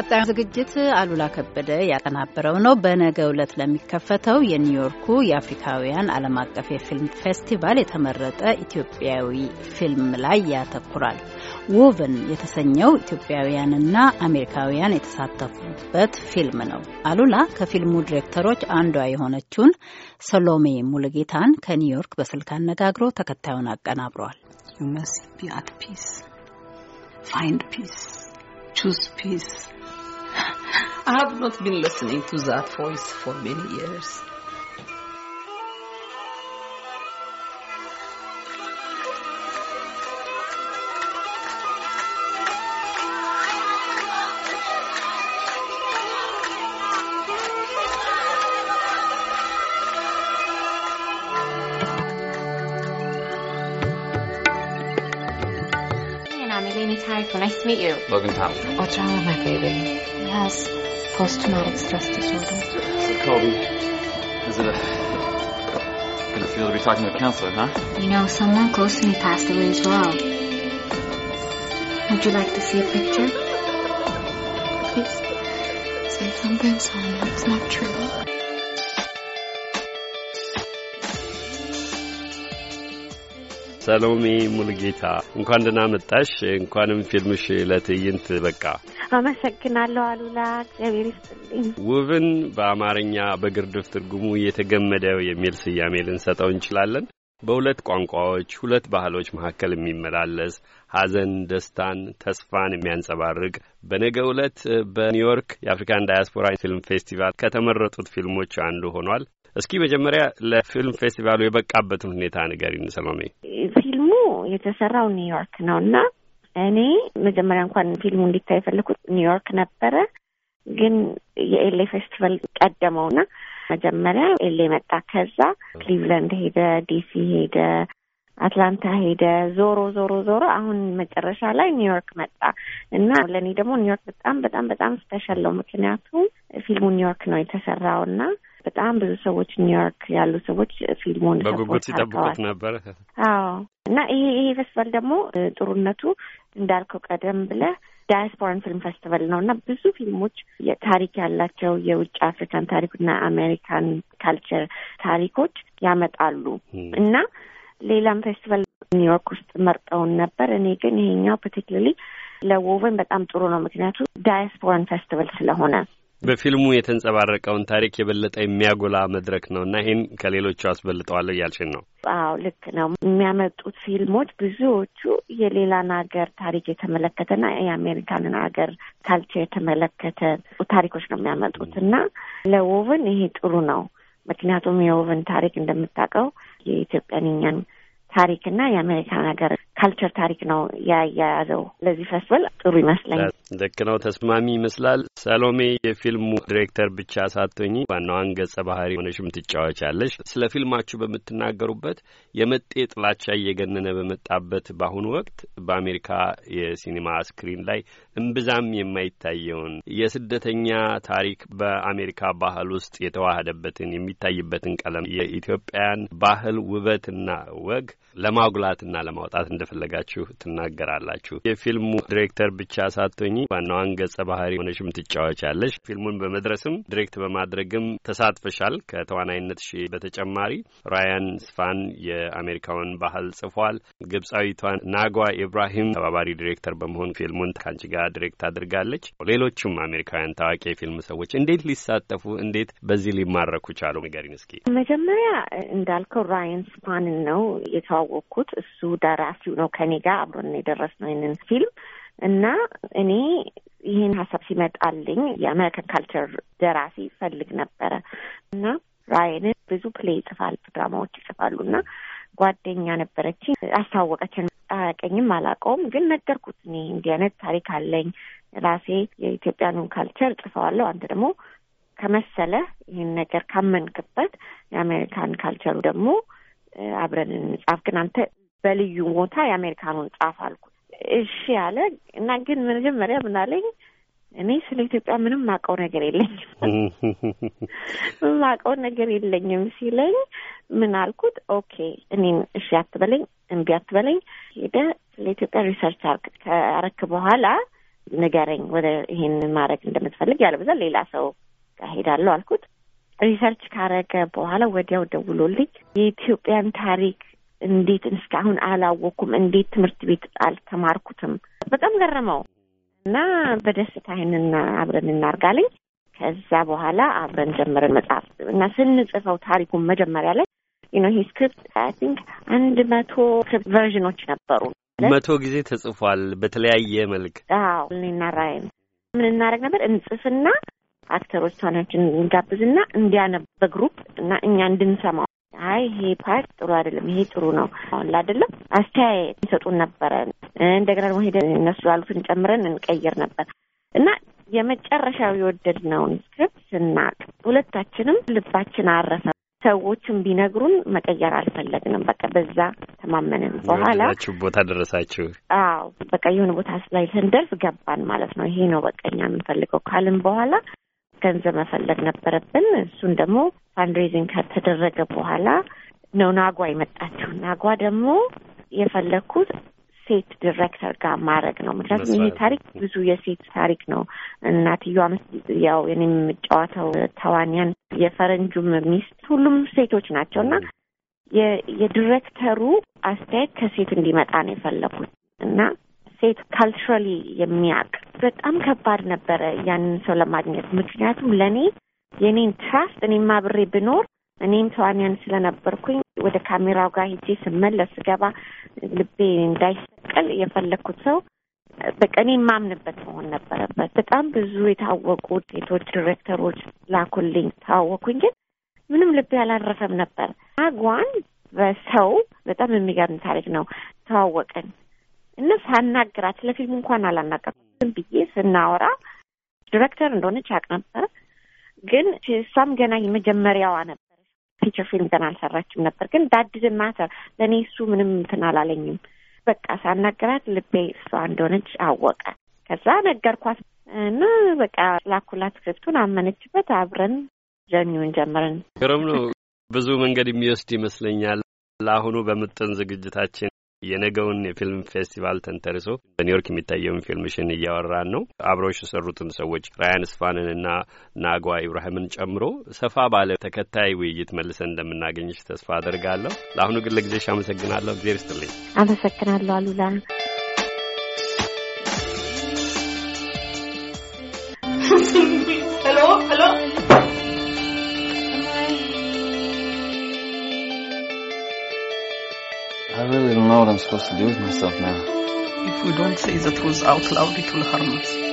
ቀጣዩ ዝግጅት አሉላ ከበደ ያቀናበረው ነው። በነገ ዕለት ለሚከፈተው የኒውዮርኩ የአፍሪካውያን ዓለም አቀፍ የፊልም ፌስቲቫል የተመረጠ ኢትዮጵያዊ ፊልም ላይ ያተኩራል። ውቭን የተሰኘው ኢትዮጵያውያንና አሜሪካውያን የተሳተፉበት ፊልም ነው። አሉላ ከፊልሙ ዲሬክተሮች አንዷ የሆነችውን ሰሎሜ ሙልጌታን ከኒውዮርክ በስልክ አነጋግሮ ተከታዩን አቀናብረዋል። You must be ፒስ peace. Find peace. Choose peace. I have not been listening to that voice for many years. Lillian Itagro. Nice to meet you. Logan Thompson. Oh, What's wrong with my baby? He has post-traumatic stress disorder. So, Kobe, is it a... going feel to be talking to a counselor, huh? You know, someone close to me passed away as well. Would you like to see a picture? Please. Say something so I know it's not true. ሰሎሜ ሙልጌታ እንኳን ደህና መጣሽ። እንኳንም ፊልምሽ ለትዕይንት በቃ። አመሰግናለሁ አሉላ፣ እግዚአብሔር ይስጥልኝ። ውብን በአማርኛ በግርድፍ ትርጉሙ የተገመደው የሚል ስያሜ ልንሰጠው እንችላለን። በሁለት ቋንቋዎች፣ ሁለት ባህሎች መካከል የሚመላለስ ሐዘን፣ ደስታን፣ ተስፋን የሚያንጸባርቅ በነገ ዕለት በኒውዮርክ የአፍሪካን ዳያስፖራ ፊልም ፌስቲቫል ከተመረጡት ፊልሞች አንዱ ሆኗል። እስኪ መጀመሪያ ለፊልም ፌስቲቫሉ የበቃበትን ሁኔታ ንገሪን ሰሎሜ። ፊልሙ የተሰራው ኒውዮርክ ነው እና እኔ መጀመሪያ እንኳን ፊልሙ እንዲታይ የፈለኩት ኒውዮርክ ነበረ፣ ግን የኤሌ ፌስቲቫል ቀደመውና መጀመሪያ ኤሌ መጣ። ከዛ ክሊቭላንድ ሄደ፣ ዲሲ ሄደ፣ አትላንታ ሄደ። ዞሮ ዞሮ ዞሮ አሁን መጨረሻ ላይ ኒውዮርክ መጣ እና ለእኔ ደግሞ ኒውዮርክ በጣም በጣም በጣም ስፔሻል ነው። ምክንያቱም ፊልሙ ኒውዮርክ ነው የተሰራው እና በጣም ብዙ ሰዎች ኒውዮርክ ያሉ ሰዎች ፊልሙን በጉጉት ሲጠብቁት ነበር። አዎ እና ይሄ ይሄ ፌስቲቫል ደግሞ ጥሩነቱ እንዳልከው ቀደም ብለህ ዳያስፖራን ፊልም ፌስቲቫል ነው እና ብዙ ፊልሞች ታሪክ ያላቸው የውጭ አፍሪካን ታሪክና አሜሪካን ካልቸር ታሪኮች ያመጣሉ እና ሌላም ፌስቲቫል ኒውዮርክ ውስጥ መርጠውን ነበር። እኔ ግን ይሄኛው ፐርቲክለርሊ ለወቨን በጣም ጥሩ ነው፣ ምክንያቱ ዳያስፖራን ፌስቲቫል ስለሆነ በፊልሙ የተንጸባረቀውን ታሪክ የበለጠ የሚያጎላ መድረክ ነው እና ይህን ከሌሎቹ አስበልጠዋለሁ እያልሽን ነው? አዎ ልክ ነው። የሚያመጡት ፊልሞች ብዙዎቹ የሌላን ሀገር ታሪክ የተመለከተና የአሜሪካንን ሀገር ካልቸር የተመለከተ ታሪኮች ነው የሚያመጡት እና ለውብን ይሄ ጥሩ ነው። ምክንያቱም የውብን ታሪክ እንደምታውቀው የኢትዮጵያን እኛን ታሪክና የአሜሪካን ሀገር ካልቸር ታሪክ ነው ያያያዘው። ለዚህ ፌስቲቫል ጥሩ ይመስለኛል። ልክ ነው፣ ተስማሚ ይመስላል። ሰሎሜ የፊልሙ ዲሬክተር ብቻ ሳትሆኚ ዋናዋን ገጸ ባህሪ ሆነሽም ትጫወቻለሽ። ስለ ፊልማችሁ በምትናገሩበት የመጤ ጥላቻ እየገነነ በመጣበት በአሁኑ ወቅት በአሜሪካ የሲኒማ ስክሪን ላይ እምብዛም የማይታየውን የስደተኛ ታሪክ በአሜሪካ ባህል ውስጥ የተዋሃደበትን የሚታይበትን ቀለም የኢትዮጵያን ባህል ውበትና ወግ ለማጉላትና ለማውጣት እንደፈለጋችሁ ትናገራላችሁ። የፊልሙ ዲሬክተር ብቻ ሳትሆኚ ዋናዋን ገጸ ባህሪ ሆነሽም ትጫወቻለሽ። ፊልሙን በመድረስም ዲሬክት በማድረግም ተሳትፈሻል። ከተዋናይነት ሺ በተጨማሪ ራያን ስፋን የአሜሪካውን ባህል ጽፏል። ግብፃዊቷን ናጓ ኢብራሂም ተባባሪ ዲሬክተር በመሆን ፊልሙን ከአንቺ ጋር ዳይሬክት አድርጋለች። ሌሎችም አሜሪካውያን ታዋቂ የፊልም ሰዎች እንዴት ሊሳተፉ እንዴት በዚህ ሊማረኩ ቻሉ? ንገሪን እስኪ። መጀመሪያ እንዳልከው ራይን ስፓንን ነው የተዋወቅኩት። እሱ ደራሲው ነው ከኔ ጋር አብረን የደረስነው ይህንን ፊልም እና እኔ ይህን ሀሳብ ሲመጣልኝ የአሜሪካን ካልቸር ደራሲ ፈልግ ነበረ እና ራያንን ብዙ ፕሌይ ይጽፋል፣ ድራማዎች ይጽፋሉ እና ጓደኛ ነበረች አስታወቀችን። አያቀኝም አላውቀውም፣ ግን ነገርኩት። እኔ እንዲህ አይነት ታሪክ አለኝ ራሴ የኢትዮጵያኑን ካልቸር ጽፈዋለሁ። አንተ ደግሞ ከመሰለ ይህን ነገር ካመንክበት የአሜሪካን ካልቸሩ ደግሞ አብረን እንጻፍ፣ ግን አንተ በልዩ ቦታ የአሜሪካኑን ጻፍ አልኩት። እሺ አለ እና ግን መጀመሪያ ምናለኝ እኔ ስለ ኢትዮጵያ ምንም ማቀው ነገር የለኝም፣ ማቀው ነገር የለኝም ሲለኝ ምን አልኩት? ኦኬ እኔም እሺ አትበለኝ፣ እምቢ አትበለኝ፣ ሄደ ስለ ኢትዮጵያ ሪሰርች አርግ፣ ከአረክ በኋላ ንገረኝ፣ ወደ ይሄን ማድረግ እንደምትፈልግ ያለበዛ ሌላ ሰው ጋር ሄዳለሁ አልኩት። ሪሰርች ካረገ በኋላ ወዲያው ደውሎልኝ የኢትዮጵያን ታሪክ እንዴት እስካሁን አላወኩም፣ እንዴት ትምህርት ቤት አልተማርኩትም፣ በጣም ገረመው። እና በደስታ ይህንን አብረን እናርጋለኝ። ከዛ በኋላ አብረን ጀምረን መጽሐፍ እና ስንጽፈው ታሪኩን መጀመሪያ ላይ ይህ ስክሪፕት አይ ቲንክ አንድ መቶ ቨርዥኖች ነበሩ። መቶ ጊዜ ተጽፏል በተለያየ መልክ። አዎ እኔና ራይን ምን እናደርግ ነበር እንጽፍና አክተሮች ተዋናዮችን እንጋብዝና እንዲያነብ በግሩፕ እና እኛ እንድንሰማው አይ ይሄ ፓርት ጥሩ አይደለም፣ ይሄ ጥሩ ነው አሁን አይደለም አስተያየት ይሰጡን ነበረ። እንደገና ደግሞ ሄደን እነሱ ያሉትን ጨምረን እንቀይር ነበር እና የመጨረሻው የወደድነውን ስክሪፕት ስናቅ ሁለታችንም ልባችን አረፈ። ሰዎችን ቢነግሩን መቀየር አልፈለግንም። በቃ በዛ ተማመንን። በኋላ ቦታ ደረሳችሁ? አዎ በቃ የሆነ ቦታ ላይ ስንደርስ ገባን ማለት ነው። ይሄ ነው በቃ እኛ የምንፈልገው ካልን በኋላ ገንዘብ መፈለግ ነበረብን። እሱን ደግሞ ፋንድሬዚንግ ከተደረገ በኋላ ነው ናጓ የመጣችው። ናጓ ደግሞ የፈለግኩት ሴት ዲሬክተር ጋር ማድረግ ነው። ምክንያቱም ይሄ ታሪክ ብዙ የሴት ታሪክ ነው። እናትየዋ ያው የኔ የምጫወተው ተዋንያን የፈረንጁም ሚስት ሁሉም ሴቶች ናቸው እና የዲሬክተሩ አስተያየት ከሴት እንዲመጣ ነው የፈለኩት እና ሴት ካልቸራሊ የሚያውቅ በጣም ከባድ ነበረ ያንን ሰው ለማግኘት። ምክንያቱም ለእኔ የኔን ትራስት እኔም አብሬ ብኖር እኔም ተዋንያን ስለነበርኩኝ ወደ ካሜራው ጋር ሄጄ ስመለስ ስገባ ልቤ እንዳይሰቀል የፈለግኩት ሰው በቃ እኔ የማምንበት መሆን ነበረበት። በጣም ብዙ የታወቁ ሴቶች ዲሬክተሮች ላኩልኝ፣ ተዋወኩኝ፣ ግን ምንም ልቤ አላረፈም ነበር። አጓን በሰው በጣም የሚገርም ታሪክ ነው። ተዋወቅን እና ሳናግራት ለፊልም እንኳን አላናገርኩም ብዬ ስናወራ ዲሬክተር እንደሆነች አውቅ ነበር። ግን እሷም ገና የመጀመሪያዋ ነበር። ፊቸር ፊልም ገና አልሰራችም ነበር። ግን ዳድዝ ማተር ለእኔ እሱ ምንም እንትን አላለኝም። በቃ ሳናገራት ልቤ እሷ እንደሆነች አወቀ። ከዛ ነገርኳት እና በቃ ላኩላት ስክሪፕቱን፣ አመነችበት። አብረን ጀኒውን ጀምረን ግሩም ነው። ብዙ መንገድ የሚወስድ ይመስለኛል። ለአሁኑ በምጥን ዝግጅታችን የነገውን የፊልም ፌስቲቫል ተንተርሶ በኒውዮርክ የሚታየውን ፊልምሽን እያወራን ነው። አብረውሽ የሰሩትን ሰዎች ራያን ስፋንንና ናጓ ኢብራሂምን ጨምሮ ሰፋ ባለ ተከታይ ውይይት መልሰን እንደምናገኝሽ ተስፋ አድርጋለሁ። ለአሁኑ ግን ለጊዜሽ አመሰግናለሁ። እግዜር ይስጥልኝ። አመሰግናለሁ አሉላ። I really don't know what I'm supposed to do with myself now. If we don't say that words out loud, it will harm us.